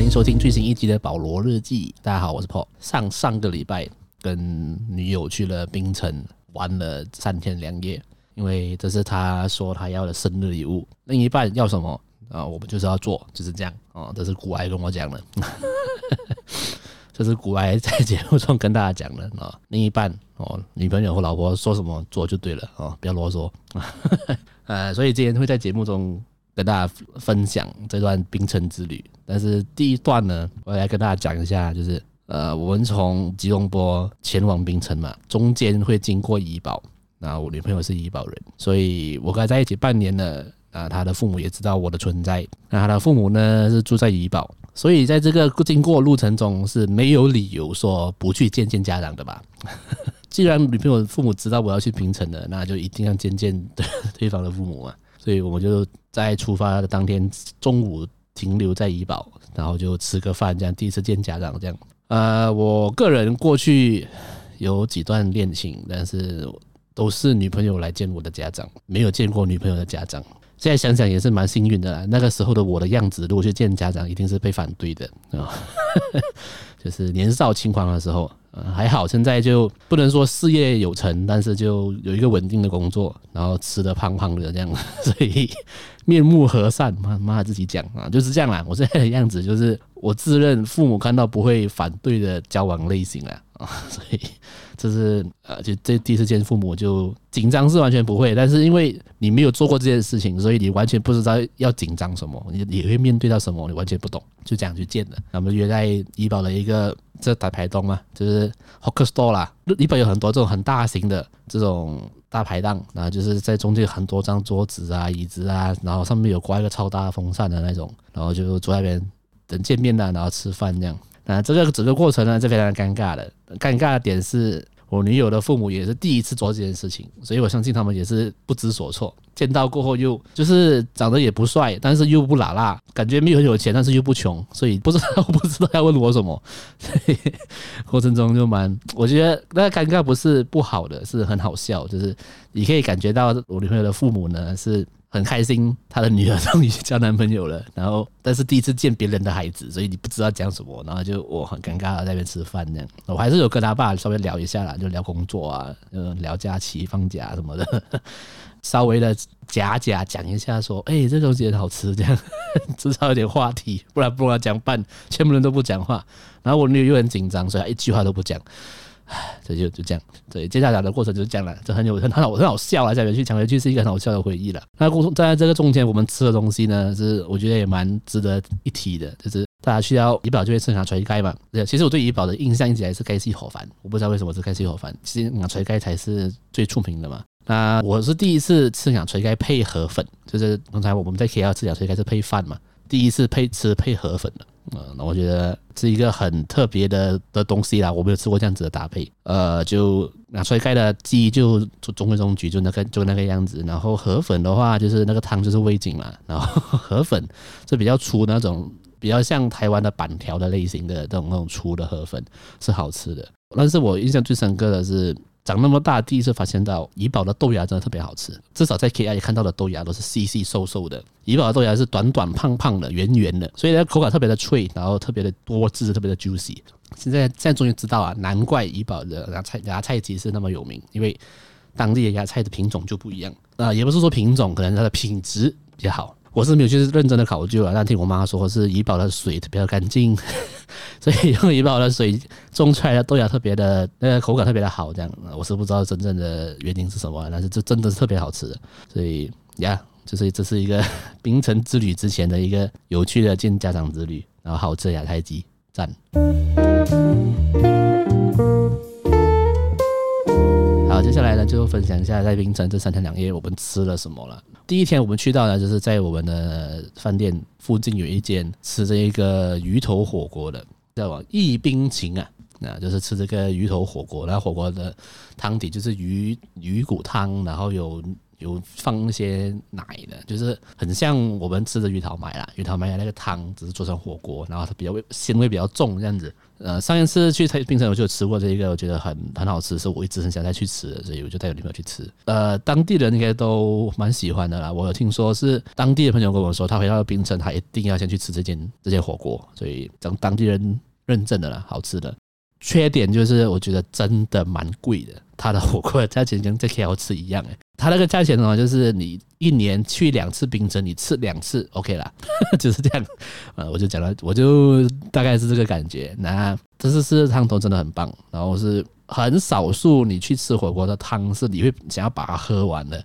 歡迎收聽最新一集的《保羅日記》。大家好，我是 Paul。上上個禮拜跟女友去了檳城玩了三天兩夜，因為這是他說他要的生日禮物。另一半要什麼啊？我們就是要做，就是這樣哦，這是古埃跟我講的， 這是古埃在節目中跟大家講的啊、哦。另一半哦，女朋友或老婆說什麼做就對了哦，不要囉嗦啊。 呃，所以今天會在節目中跟大家分享這段檳城之旅。但是第一段呢，我來跟大家講一下，就是呃，我們從吉隆坡前往檳城嘛，中間會經過怡保。然後我女朋友是怡保人，所以我跟她在一起半年了，啊、呃，她的父母也知道我的存在。那她的父母呢是住在怡保，所以在這個經過路程中是沒有理由說不去見見家長的吧？ 既然女朋友父母知道我要去檳城了，那就一定要見見對方的父母嘛。所以我們就在出發的當天中午。停留在怡保，然後就吃個飯這樣。第一次見家長這樣。呃，我個人過去有幾段戀情，但是都是女朋友來見我的家長，沒有見過女朋友的家長。現在想想也是蠻幸運的啦。那個時候的我的樣子，如果去見家長，一定是被反對的啊。 就是年少輕狂的時候，還好現在就不能說事業有成，但是就有一個穩定的工作，然後吃得胖胖的這樣，所以。面目和善，媽媽自己講啊，就是這樣啦。我現在的樣子，就是我自認父母看到不會反對的交往類型啊。 所以，這是呃，就這第一次見父母就緊張是完全不會，但是因為你沒有做過這件事情，所以你完全不知道要緊張什麼，你也會面對到什麼，你完全不懂，就這樣去見的。我們約在怡保的一個這個、大排檔嘛、啊，就是 hawker store 啦。怡保有很多這種很大型的這種大排檔，然後就是在中間有很多張桌子啊、椅子啊，然後上面有掛一個超大的風扇的那種，然後就坐在那邊等見面呢、啊，然後吃飯這樣。那這個整個過程呢，是非常尷尬的。尷尬的點是我女友的父母也是第一次做這件事情，所以我相信他們也是不知所措。見到過後又就是長得也不帥，但是又不邋遢，感覺沒有很有錢，但是又不窮，所以不知道我不知道要問我什麼。所以過程中就蠻，我覺得那個尷尬不是不好的，是很好笑，就是你可以感覺到我女朋友的父母呢是。很開心，他的女兒終於交男朋友了。然後，但是第一次見別人的孩子，所以你不知道講什麼。然後就我很尷尬的在那邊吃飯這樣。我還是有跟他爸稍微聊一下啦，就聊工作啊，聊假期放假什麼的，稍微的假假講一下說，哎、欸，這個東西很好吃這樣呵呵，至少有點話題，不然不然講半全部人都不講話。然後我女兒又很緊張，所以一句話都不講。這就就這樣，對，接下來的過程就是這樣了，這很有很很好很好笑啊！講回去講回去是一個很好笑的回憶了。那在在這個中間，我們吃的東西呢，就是我覺得也蠻值得一提的，就是大家去到怡保就會吃芽菜雞嘛。其實我對怡保的印象一直以來是雞絲河粉，我不知道為什麼是雞絲河粉，其實芽菜雞才是最出名的嘛。那我是第一次吃芽菜雞配河粉，就是剛才我們在 K L 吃芽菜雞是配飯嘛，第一次配吃配河粉的。嗯，那我覺得是一個很特別的的東西啦，我沒有吃過這樣子的搭配。呃，就那摔蓋的雞就中規中矩，就那個就那個樣子。然後河粉的話，就是那個湯就是味精嘛。然後呵呵河粉是比較粗那種，比較像台灣的板條的類型的那種那種粗的河粉是好吃的。但是我印象最深刻的是。長那麼大，第一次發現到怡保的豆芽真的特別好吃。至少在 KI 看到的豆芽都是細細瘦瘦的，怡保的豆芽是短短胖胖的、圓圓的，所以它口感特別的脆，然後特別的多汁，特別的 juicy。現在現在終於知道啊，難怪怡保的芽菜芽菜雞是那麼有名，因為當地的芽菜的品種就不一樣。啊，也不是說品種，可能它的品質比較好。我是沒有去認真的考究啊，但聽我媽說是怡保的水特別乾淨，所以用怡保的水種出來都要的豆芽特別的，那個口感特別的好，這樣，我是不知道真正的原因是什麼，但是這真的是特別好吃的。所以呀、yeah，就是這是一個檳城之旅之前的一個有趣的見家長之旅，然後好吃的芽菜雞，讚。啊、接下來呢，就分享一下在檳城這三天兩夜我們吃了什麼了。第一天我們去到呢，就是在我們的飯店附近有一間吃這個魚頭火鍋的，叫“一冰情”啊，那就是吃這個魚頭火鍋。那火鍋的湯底就是魚魚骨湯，然後有有放一些奶的，就是很像我們吃的魚頭買了。魚頭買的那個湯只是做成火鍋，然後它比較味鮮味比較重這樣子。呃，上一次去檳城我就吃過這一個，我覺得很很好吃，是我一直很想再去吃的，所以我就帶女朋友去吃。呃，當地人應該都蠻喜歡的啦。我有聽說是當地的朋友跟我說，他回到檳城，他一定要先去吃這間這些火鍋，所以當當地人認證的啦，好吃的。缺點就是我覺得真的蠻貴的。他的火鍋價錢跟在 K L 吃一樣哎，他那個價錢的話，就是你一年去兩次檳城，你吃兩次 O、OK、K 啦， 就是這樣，我就講了，我就大概是這個感覺。那這次吃的湯頭真的很棒，然後是很少數你去吃火鍋的湯是你會想要把它喝完的，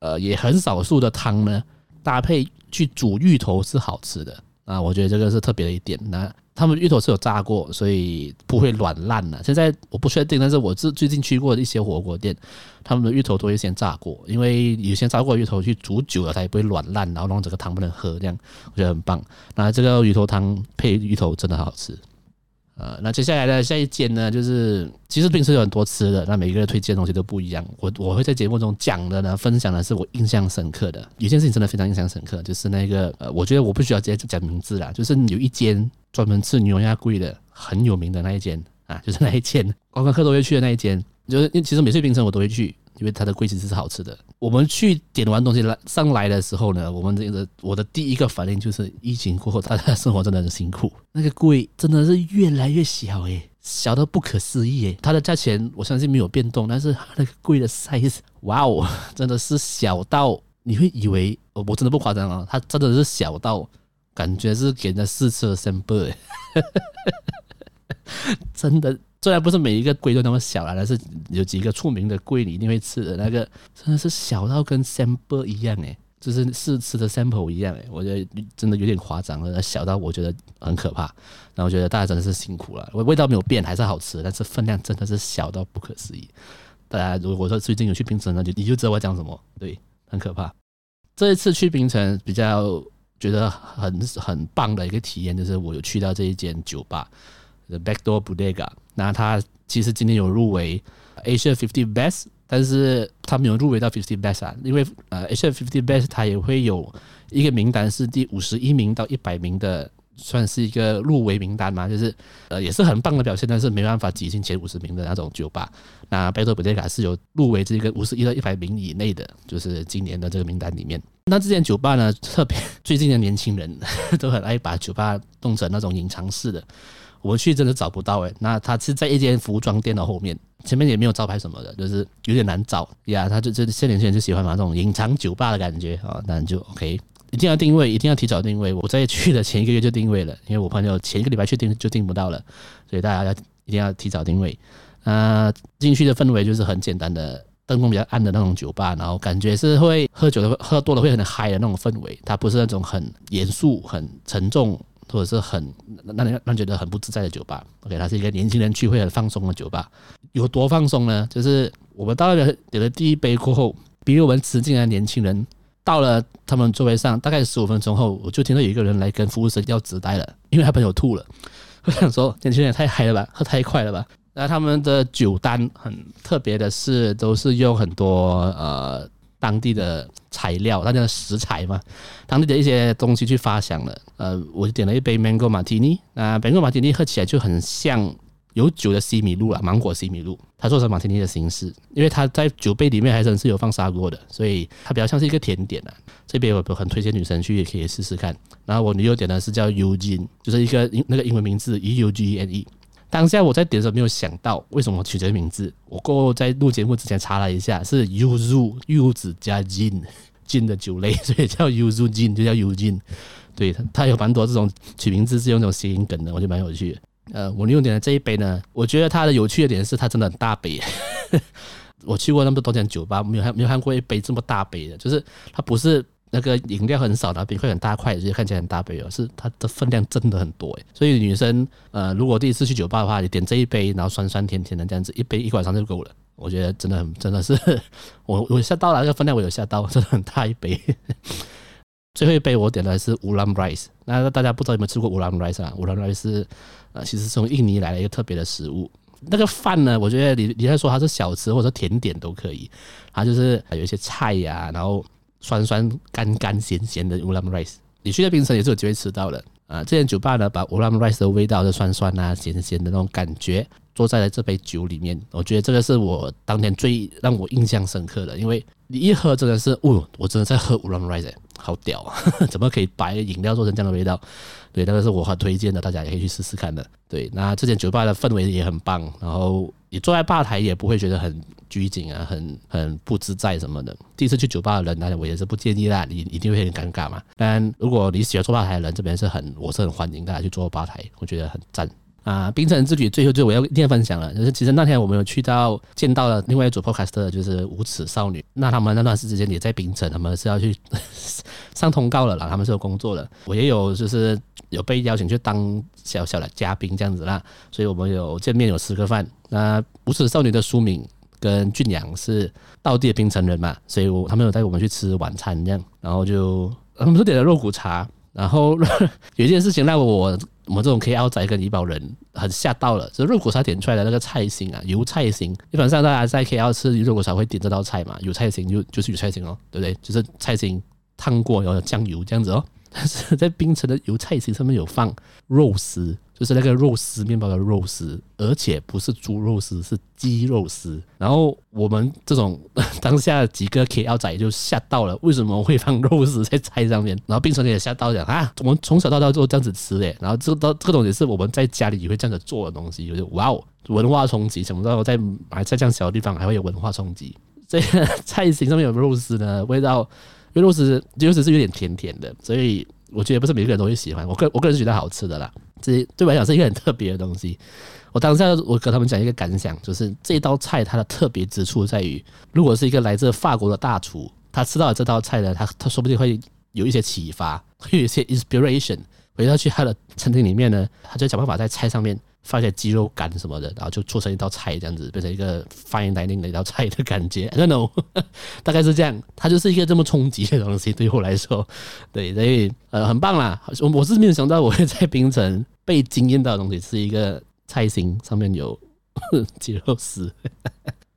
呃，也很少數的湯呢搭配去煮芋頭是好吃的。啊，我覺得這個是特別的一點。那他們芋頭是有炸過，所以不會軟爛了。現在我不確定，但是我是最近去過的一些火鍋店，他們的芋頭都會先炸過，因為有些炸過芋頭去煮久了，它也不會軟爛，然後讓整個湯不能喝。這樣我覺得很棒。那這個芋頭湯配芋頭真的好吃。呃、嗯，那接下來的下一間呢，就是其實檳城有很多吃的，那每個人推薦的東西都不一樣。我我會在節目中講的呢，分享的是我印象深刻的有件事情，真的非常印象深刻，就是那個呃，我覺得我不需要直接講名字啦，就是有一間專門吃牛軋粿的很有名的那一間啊，就是那一間，觀光客都會去的那一間，就是因為其實每次檳城我都會去，因為它的粿其實是好吃的。我們去點完東西來上來的時候呢，我們這個我的第一個反應就是，疫情過後大家的生活真的很辛苦。那個櫃真的是越來越小誒、欸，小到不可思議誒、欸，它的價錢我相信沒有變動，但是它那個櫃的 size，哇哦，真的是小到你會以為，我真的不誇張啊，它真的是小到感覺是給人家試吃的 sample，、欸、 真的。雖然不是每一個櫃都那麼小啦、啊，但是有幾個出名的櫃，你一定會吃的，那個真的是小到跟 sample 一樣誒、欸。就是試吃的 sample 一樣誒、欸，我覺得真的有點誇張了，那小到我覺得很可怕。然後我覺得大家真的是辛苦了，味味道沒有變，還是好吃，但是分量真的是小到不可思議。大家如果說最近有去檳城，那就你就知道我講什麼，對，很可怕。這一次去檳城比較覺得很很棒的一個體驗，就是我有去到這一間酒吧，the backdoor bodega。就是那他其實今年有入圍 Asia Fifty Best，但是他沒有入圍到 Fifty Best 啊，因為呃 Asia Fifty Best 它也會有一個名單是第五十一名到一百名的，算是一個入圍名單嘛，就是呃也是很棒的表現，但是沒辦法擠進前五十名的那種酒吧。那貝多普杰卡是有入圍這個五十一到一百名以內的，就是今年的這個名單裡面。那這間酒吧呢，特別最近的年輕人呵呵都很愛把酒吧弄成那種隱藏式的。我去真的找不到哎、欸，那他是在一間服裝店的後面，前面也沒有招牌什麼的，就是有點難找呀、yeah。他就這些年輕人就喜歡嘛，那種隱藏酒吧的感覺啊、哦。但就 OK，一定要定位，一定要提早定位。我在去的前一個月就定位了，因為我朋友前一個禮拜去定就定不到了，所以大家一定要提早定位。呃，進去的氛圍就是很簡單的，燈光比較暗的那種酒吧，然後感覺是會喝酒的，喝多了會很嗨的那種氛圍。它不是那種很嚴肅、很沉重。或者是很讓人讓人覺得很不自在的酒吧，OK，它是一個年輕人聚會很放鬆的酒吧。有多放鬆呢？就是我們到了，點了第一杯過後，比如我們吃進來的年輕人，到了他們座位上大概十五分鐘後，我就聽到有一個人來跟服務生要紙袋了，因為他朋友吐了。我想說，年輕人也太嗨了吧，喝太快了吧。那他們的酒單很特別的是，都是用很多呃、當地的材料，當地的食材嘛，當地的一些東西去發想了。呃，我就點了一杯 Mango 芒果馬提尼。那 Mango 馬提尼喝起來就很像有酒的西米露啦，芒果西米露，它做成馬提尼的形式，因為它在酒杯裡面還真是有放砂鍋的，所以它比較像是一個甜點啊。這杯我很推薦女生去也可以試試看。然後我女友點的是叫 Eugene，就是一個那個英文名字 E U G E N E。當下我在點的時候沒有想到為什麼我取這個名字，我過後在錄節目之前查了一下，是 Yuzu 柚子加 gin，gin 的酒類，所以叫 Yuzu gin 就叫 Yu gin。對，它有蠻多這種取名字是用那種諧音梗的，我覺得蠻有趣的。呃，我用點的這一杯呢，我覺得它的有趣的點是它真的很大杯， 我去過那麼多間酒吧，沒有看沒有看過一杯這麼大杯的，就是它不是。那個飲料很少的，冰塊很大塊，而且看起來很大杯哦，是它的分量真的很多誒、欸，所以女生呃，如果第一次去酒吧的話，你點這一杯，然後酸酸甜甜的這樣子，一杯一晚上就夠了。我覺得真的很真的是，我我嚇到了，這個分量我有嚇到，真的很大一杯。最後一杯我點的是烏蘭 rice，那大家不知道有沒有吃過烏蘭 rice 啊？烏蘭 rice 是呃，其實是從印尼來了一個特別的食物。那個飯呢，我覺得你你在說它是小吃或者甜點都可以，它就是有一些菜呀、啊，然後。酸酸、乾乾鹹鹹的烏拉姆 rice，你去到檳城也是有機會吃到的啊！這間酒吧呢，把烏拉姆 rice 的味道的酸酸啊、鹹鹹的那種感覺，做在了這杯酒裡面。我覺得這個是我當天最讓我印象深刻的，因為你一喝真的是，哦，我真的在喝烏拉姆 rice，欸，好屌，呵呵！怎麼可以把飲料做成這樣的味道？對，那個是我很推薦的，大家也可以去試試看的。對，那這間酒吧的氛圍也很棒，然後。你坐在吧台也不會覺得很拘謹啊，很很不自在什麼的。第一次去酒吧的人，那我也是不建議啦，你一定會很尷尬嘛。但如果你喜歡坐吧台的人，這邊是很，我是很歡迎大家去坐吧台，我覺得很讚。啊，檳城之旅最後就我要一定要分享了。就是其實那天我們有去到見到了另外一組 podcaster，就是無恥少女。那他們那段時間也在檳城，他們是要去 上通告了啦，他們是有工作的。我也有就是有被邀請去當小小的嘉賓這樣子啦，所以我們有見面，有吃個飯。那無恥少女的書敏跟俊陽是道地的檳城人嘛，所以我他們有帶我們去吃晚餐這樣，然後就他們就點了肉骨茶。然後 有一件事情讓我。我們這種 K L 仔跟怡保人很嚇到了，就是肉骨茶點出來的那個菜心啊，油菜心，基本上大家在 K L 吃肉骨茶會點這道菜嘛，油菜心就就是油菜心哦，對不對？就是菜心燙過，然後醬油這樣子哦。但是在檳城的油菜型上面有放肉絲，就是那個肉絲麵包的肉絲，而且不是豬肉絲，是雞肉絲。然後我們這種當下幾個 K L 仔就嚇到了，為什麼會放肉絲在菜上面？然後檳城也嚇到講啊，我們從小到大就這樣子吃誒、欸。然後這個到這個東西是我們在家裡也會這樣子做的東西我就，就是哇哦，文化衝擊，想不到在菜這樣小的地方還會有文化衝擊。這個菜型上面有，有肉絲呢，味道。因為肉絲，肉絲是有點甜甜的，所以我覺得不是每個人都會喜歡。我個我個人是覺得好吃的啦，這對我來講是一個很特別的東西。我當時我跟他們講一個感想，就是這道菜它的特別之處在於，如果是一個來自法國的大廚，他吃到的這道菜呢，他他說不定會有一些啟發，會有一些 inspiration，回到去他的餐廳裡面呢，他就想辦法在菜上面。放些雞肉乾什麼的，然後就做成一道菜，這樣子變成一個 fine dining 的一道菜的感覺，I don't know，呵呵，大概是這樣。它就是一個這麼衝擊的東西，對於我來說，對，所以呃，很棒啦。我，我是沒有想到我會在檳城被驚艷到的東西，是一個菜心上面有雞肉絲。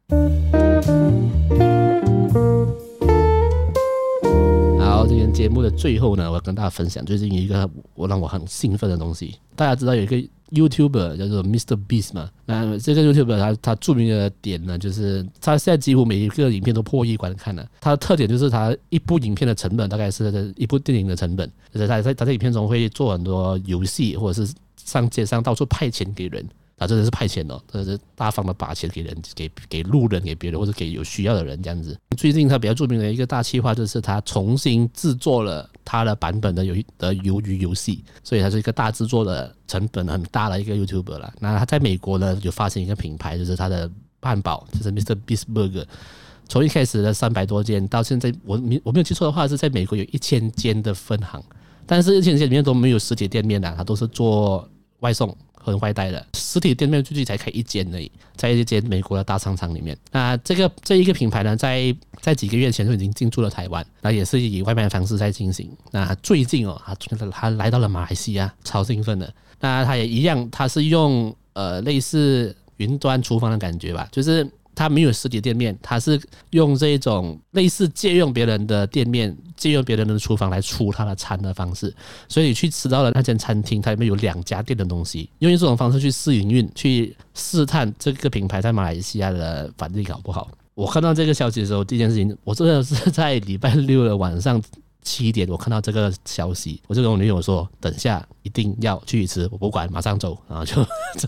好，今天節目的最後呢，我要跟大家分享最近一個我讓我很興奮的東西。大家知道有一個。YouTuber 叫做 MrBeast 嘛，那這個 YouTuber 他他著名的點呢，就是他現在幾乎每一個影片都破億觀看了。他的特點就是他一部影片的成本大概是一部電影的成本，就是他在他在影片中會做很多遊戲，或者是上街上到處派錢給人。啊，真的是派錢哦，他是大方的把錢給人，給給路人，給別人或者給有需要的人這樣子。最近他比較著名的一個大企劃，就是他重新製作了他的版本的遊的魷魚遊戲，所以他是一個大製作的成本很大的一個 YouTuber 了。那他在美國呢，就發行一個品牌，就是他的漢堡，就是 Mr. Beast Burger。從一開始的三百多間到現在我，我我沒有記錯的話是在美國有一千間的分行，但是一千間裡面都沒有實體店面啦，他都是做外送。很壞呆的，實體店面最近才開一間而已，在一間美國的大商場裡面。那這個這一個品牌呢，在在幾個月前就已經進駐了台灣，那也是以外賣的方式在進行。那最近哦，他他來到了馬來西亞，超興奮的。那他也一樣，他是用呃類似雲端廚房的感覺吧，就是。他沒有實體店面，他是用這種類似借用別人的店面、借用別人的廚房來出他的餐的方式。所以去吃到了那間餐廳，它裡面有兩家店的東西。用這種方式去試營運，去試探這個品牌在馬來西亞的反應好不好。我看到這個消息的時候，第一件事情，我真的是在禮拜六的晚上七點，我看到這個消息，我就跟我女友說：“等一下一定要去吃，我不管，馬上走。”然後就，就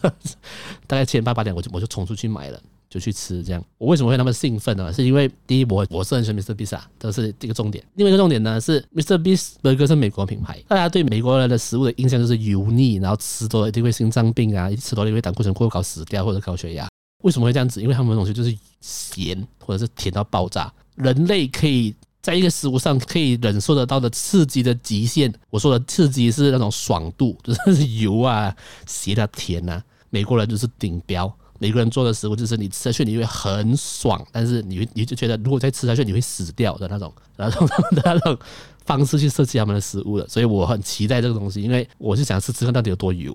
大概七點半八點，我就我就衝出去買了。就去吃這樣，我為什麼會那麼興奮呢、啊？是因為第一，我我是很喜歡 MrBeast 這是這個重點。另外一個重點呢是，MrBeast Burger 是美國品牌，大家對美國人的食物的印象就是油膩，然後吃多了一定會心臟病啊，吃多了一定會膽固醇過高死掉或者高血壓。為什麼會這樣子？因為他們的東西就是鹹或者是甜到爆炸。人類可以在一個食物上可以忍受得到的刺激的極限，我說的刺激是那種爽度，就是油啊、鹹啊、甜啊，美國人就是頂標。每個人做的食物就是你吃下去你會很爽，但是你會你就覺得如果再吃下去你會死掉的那種，然後他們那種方式去設計他們的食物的，所以我很期待這個東西，因為我是想吃吃看到底有多油，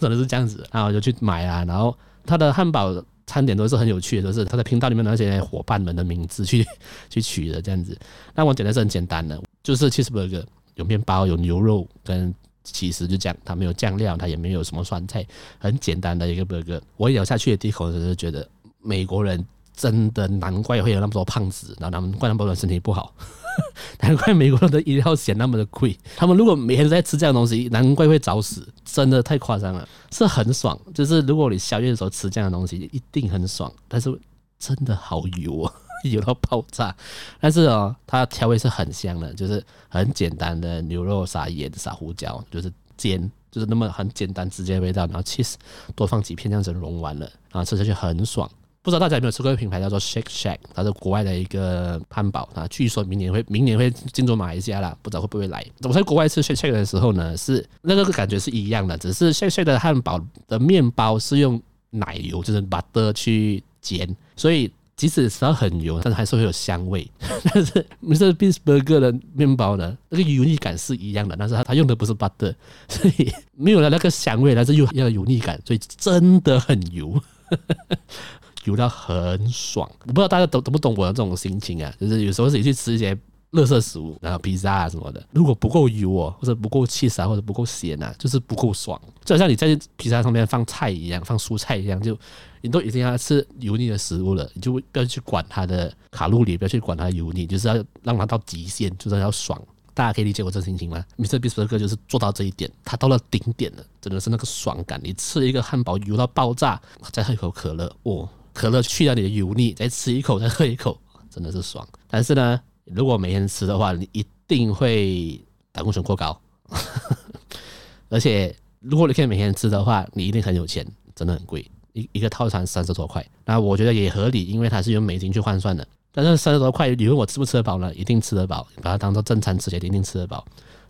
可 能是這樣子，然後我就去買啊，然後他的漢堡餐點都是很有趣的，都、就是他的頻道裡面那些夥伴們的名字去去取的這樣子，那我簡單是很簡單的，就是 cheeseburger 有面包有牛肉跟。其實就這樣，它沒有醬料，它也沒有什麼酸菜，很簡單的一個 burger。我咬下去的第一口，我就是覺得美國人真的難怪會有那麼多胖子，然後難怪他們那麼多人身體不好， 難怪美國人的醫療險那麼的貴。他們如果每天在吃這樣東西，難怪會早死，真的太誇張了。是很爽，就是如果你宵夜的時候吃這樣的東西，一定很爽。但是真的好油啊，喔！ 油到爆炸，但是哦，它調味是很香的，就是很簡單的牛肉撒鹽撒胡椒，就是煎，就是那麼很簡單直接的味道。然後 cheese 多放幾片，這樣子融完了啊，吃下去很爽。不知道大家有沒有吃過一個品牌叫做 Shake Shack，它是國外的一個漢堡啊，據說明年會明年會進駐馬來西亞啦，不知道會不會來。我在國外吃 Shake Shack 的時候呢，是那個感覺是一樣的，只是 Shake Shack 的漢堡的面包是用奶油就是 butter 去煎，所以。即使吃到很油，但是還是會有香味。 但是 MrBeast Burger 的麵包呢，那個油膩感是一樣的，但是他他用的不是 butter，所以沒有了那個香味，但是又要有油膩感，所以真的很油， 油到很爽。我不知道大家懂懂不懂我的這種心情啊，就是有時候自己去吃一些，垃圾食物，然後披薩啊什麼的，如果不夠油哦，或者不夠起司啊，或者不夠鹹啊，就是不夠爽。就好像你在披薩上面放菜一樣，放蔬菜一樣，就你都已經要吃油膩的食物了，你就不要去管它的卡路里，不要去管它油膩，就是要讓它到極限，就是要爽。大家可以理解我這心情嗎？MrBeast Burger 就是做到這一點，它到了頂點了，真的是那個爽感。你吃一個漢堡油到爆炸，再喝一口可樂，哦，可樂去掉你的油膩，再吃一口，再喝一口，真的是爽。但是呢，如果每天吃的話，你一定會膽固醇過高。 而且，如果你可以每天吃的話，你一定很有錢，真的很貴。一一個套餐三十多塊，那我覺得也合理，因為它是用美金去換算的。但是三十多塊，你問我吃不吃得飽呢？一定吃得飽，把它當做正餐吃，也一定吃得飽。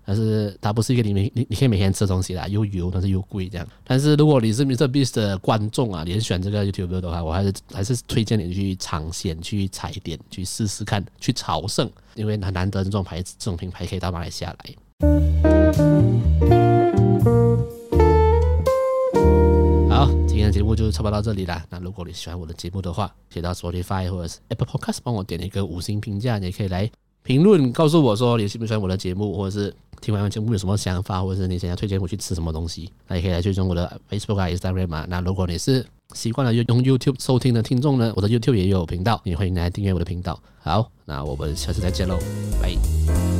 但是它不是一個你每你你可以每天吃的東西啦，又油，但是又貴這樣。但是如果你是 MrBeast 的觀眾啊，你很喜歡這個 YouTuber 的話，我還是還是推薦你去嘗鮮、去踩點、去試試看、去朝聖，因為很難得這種牌這種品牌可以到馬來西亞來。好，今天的節目就差不多到這裡啦。那如果你喜歡我的節目的話，寫到 Spotify 或者是 Apple Podcast 幫我點一個五星評價，你也可以來。評論告訴我說，你喜不喜歡我的節目，或者是聽完完節目有什麼想法，或者是你想要推薦我去吃什麼東西，那也可以來追蹤我的 Facebook 啊、Instagram。那如果你是習慣了用 YouTube 收聽的聽眾呢，我的 YouTube 也有頻道，也歡迎來訂閱我的頻道。好，那我們下次再見嘍，拜。